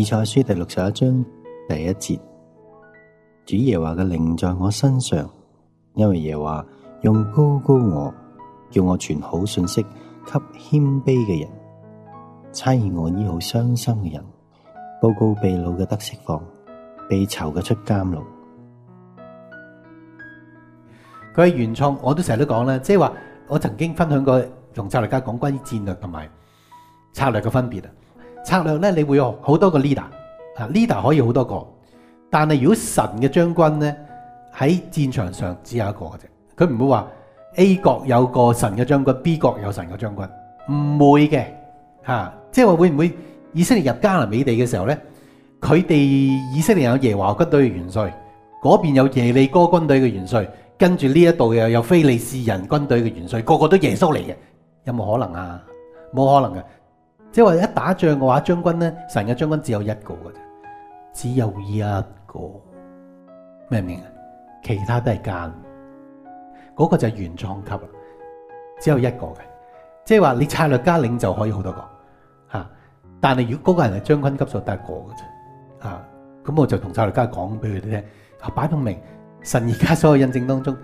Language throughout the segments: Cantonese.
以賽亞書第六十一章第一節，主耶和華嘅靈在我身上，因為耶和華用膏膏我，叫我傳好信息給謙卑嘅人，差遣我醫好傷心嘅人，報告被擄嘅得釋放，被囚嘅出監牢。佢係原創，我都成日都講啦，即係話我曾經分享過用策略家講關於戰略同埋策略嘅分別啊。策略咧，你會有好多個 leader，啊 leader 可以好多個，但係如果神嘅將軍咧喺戰場上只有一個嘅啫，佢唔會話 A 國有個神嘅將軍，B 國有神嘅將軍，唔會嘅，吓、啊，即係話會唔會以色列入迦南美地嘅時候咧，佢哋以色列有耶和華軍隊嘅元帥，嗰邊有耶利哥軍隊嘅元帥，跟住呢一度又有非利士人軍隊嘅元帥，個個都耶穌嚟嘅，有冇可能啊？冇可能嘅。即係話一打仗嘅話，將軍咧，神嘅將軍只有一個嘅啫，只有一個，明唔明啊？其他都係奸，嗰、嗰個就係原創級啦，只有一個嘅。即係話你策略家領袖就可以好多個，吓，但係如果嗰個人係將軍級數得一個嘅啫，啊，咁我就同策略家講俾佢哋聽，擺明，神而家所有印證當中，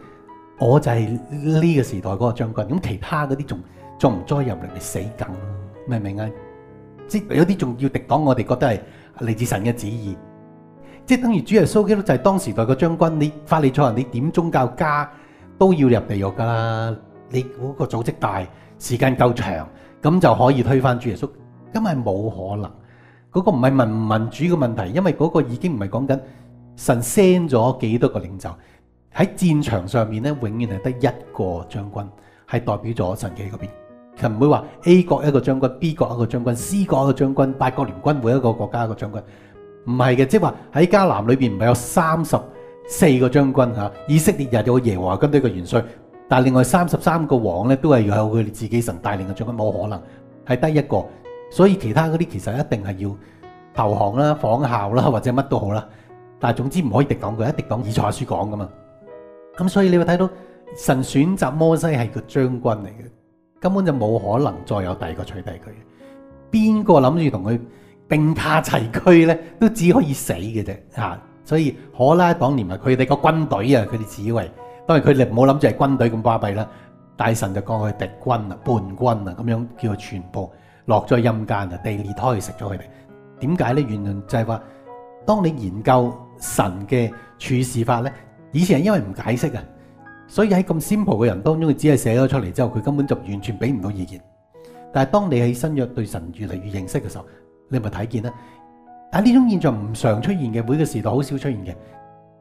我就係呢個時代嗰個將軍，咁其他嗰啲仲仲唔再入嚟，咪死梗。明唔明啊？即有啲仲要敵擋我哋，覺得係嚟自神嘅旨意，即係等於主耶穌基督就係當時代嘅將軍。你法利賽人，你點宗教家都要入地獄噶啦！你那個組織大，時間夠長，咁就可以推翻主耶穌。咁係冇可能。嗰個唔係民唔民主嘅問題，因為嗰個已經唔係講緊神 send 咗幾多個領袖喺戰場上面咧，永遠係得一個將軍係代表咗神嘅嗰邊。佢唔會話 A 國一個將軍、B 國一個將軍、C 國一個將軍、八國聯軍每一個國家一個將軍，唔係嘅，即係話喺迦南裏邊唔係有三十四個將軍吓，以色列又有耶和華軍隊嘅元帥，但係另外三十三個王咧都係有佢自己神帶領嘅將軍，冇可能係得一個，所以其他嗰啲其實一定係要投降啦、仿效啦或者乜都好啦，但係總之唔可以抵擋佢，抵擋以賽書講噶嘛，咁所以你會睇到神選擇摩西係個將軍嚟嘅。根本就冇可能再有第二個取代佢，邊個諗住同佢並駕齊驅咧，都只可以死嘅啫啊！所以可拉黨連埋，佢哋個軍隊啊，佢哋指為，當然佢哋冇諗住係軍隊咁巴閉啦，大神就降去敵軍啊、叛軍啊，咁樣叫佢全部落咗陰間啊，地裂開，去食咗佢哋。點解咧？原來就係話，當你研究神嘅處事法咧，以前係因為唔解釋啊。所以喺咁仙袍嘅人當中，佢只係寫咗出嚟之後，佢根本就完全俾唔到意見。但係當你喺新約對神越嚟越認識嘅時候，你咪睇見啦。但係呢種現象唔常出現嘅，每個時代好少出現嘅。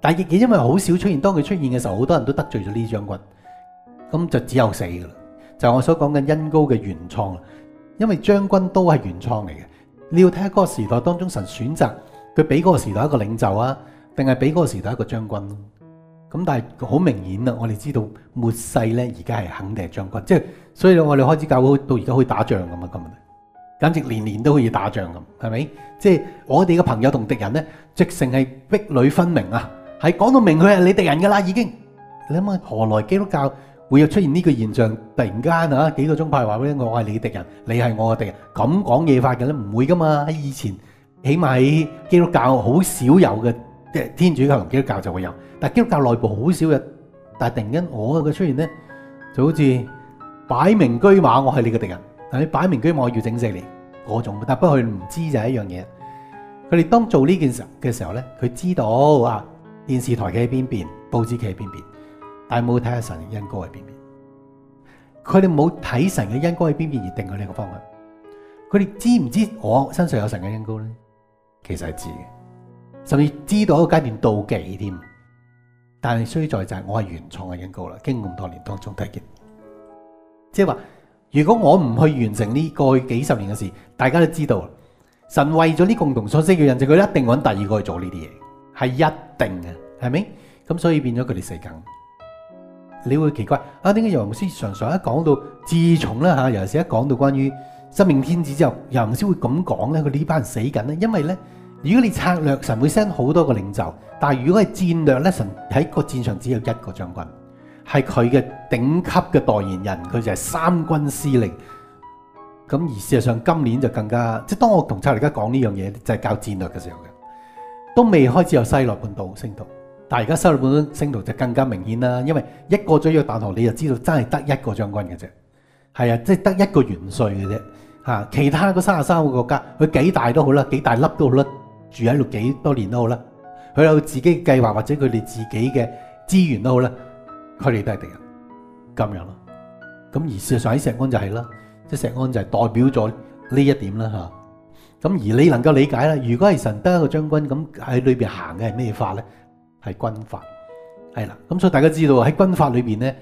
但係亦因為好少出現，當佢出現嘅時候，好多人都得罪咗呢將軍。咁就只有死噶啦。就係我所講嘅恩膏嘅原創啦。因為將軍都係原創嚟嘅。你要睇下嗰個時代當中神選擇佢俾嗰個時代一個領袖啊，定係俾嗰個時代一個將軍。咁但係好明顯啦，我哋知道末世咧，而家係肯定係將軍，即係所以我哋開始教到而家可以打仗咁啊，咁啊，簡直年年都可以打仗咁，係咪？即係我哋嘅朋友同敵人咧，直成係壁里分明啊，係講到明佢係你敵人噶啦，已經，你諗下，何來基督教會有出現呢個現象？突然間啊，幾個宗派話俾我係你敵人，你係我嘅敵人，咁講嘢法嘅咧，唔會噶嘛？喺以前起碼喺基督教好少有嘅。天主教同基督教就會有，但係基督教內部好少嘅。但係突然間我嘅出現咧，就好似擺明車馬，我係你嘅敵人。但係你擺明車馬，我要整死你，我仲唔得？但不過佢唔知道就係一樣嘢。佢哋當做呢件事嘅時候咧，佢知道啊，電視台企喺邊邊，報紙企喺邊邊，但係冇睇下神嘅恩膏喺邊邊。佢哋冇睇神嘅恩膏喺邊邊而定佢呢個方向。佢哋知唔知我身上有神嘅恩膏咧？其實係知嘅。甚至知道一個階段倒計添，但係衰在就係我係原創嘅音高啦，經咁多年當中睇見，即係話，如果我唔去完成呢過去幾十年嘅事，大家都知道神為咗呢共同信息嘅人，就佢一定揾第二個去做呢啲嘢，係一定嘅，係咪？咁所以變咗佢哋死梗。你會奇怪啊？點解楊老師常常一講到自從啦吓，尤其是一講到關於生命天子之後，楊老師會咁講咧？佢呢班人死梗咧，因為咧。如果你策略神會 send 好多個領袖，但係如果係戰略咧，神喺個戰場只有一個將軍，係佢嘅頂級嘅代言人，佢就係三軍司令。咁而事實上今年就更加，即係當我同策略家講呢樣嘢，就係、是、教戰略嘅時候嘅，都未開始有西羅半島升讀，但係而家西羅半島升讀就更加明顯啦。因為一過咗一個大河，你就知道真係得一個將軍嘅啫，係啊，即係得一個元帥嘅啫。吓，其他嗰三十三個國家，佢幾大都好啦，幾大粒都好甩。住喺度幾多年都好啦，佢有自己計劃或者佢哋自己嘅資源都好啦，佢哋都係敵人咁樣咯。咁而事實上喺石安就係啦，即係石安就係代表咗呢一點啦吓。咁而你能夠理解啦，如果係神得一個將軍咁喺裏邊行嘅係咩法咧？係軍法係啦。咁所以大家知道喺軍法裏邊咧，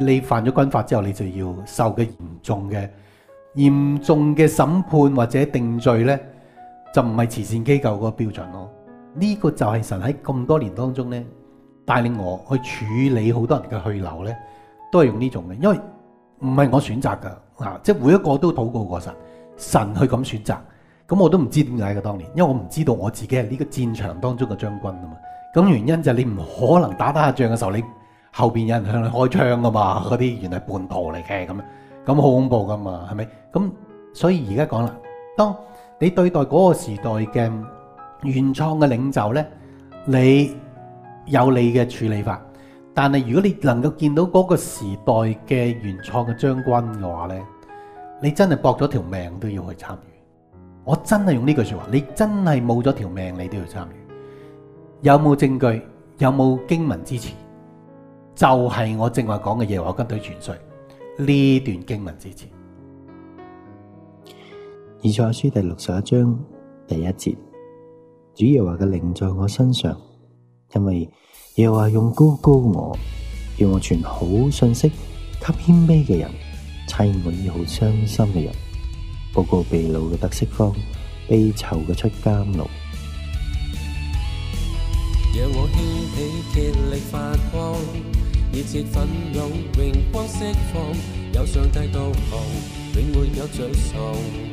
你犯咗軍法之後，你就要受嘅嚴重嘅嚴重嘅審判或者定罪咧。就唔係慈善機構嗰個標準咯，呢個就係神喺咁多年當中呢，帶領我去處理好多人嘅去留呢，都係用呢種嘅，因為唔係我選擇噶，啊，即係每一個都禱告過神，神去咁選擇，咁我都唔知點解嘅當年，因為我唔知道我自己係呢個戰場當中嘅將軍啊嘛，咁原因就係你唔可能打打仗嘅時候，你後面有人向你開槍噶嘛，嗰啲原來叛徒嚟嘅咁，咁好恐怖噶嘛，係咪？咁所以而家講啦，當你對待嗰個時代嘅原創嘅領袖呢，你有你嘅處理法。但係如果你能夠見到嗰個時代嘅原創嘅將軍嘅話呢，你真係搏咗條命都要去參與。我真係用呢句説話，你真係冇咗條命你都要參與。有冇證據？有冇經文支持？就係、是、我正話講嘅嘢，我跟軍隊傳説呢段經文支持。以賽亞書第六十一章第一節，主耶和華嘅靈在我身上，因為耶和華用膏膏我，叫我傳好信息，給謙卑嘅人，差遣我醫好傷心嘅人，報告被擄嘅得釋放，被囚嘅出監牢。讓我興起竭力發光，熱切奮勇榮光釋放，有上帝導航，永沒有沮喪。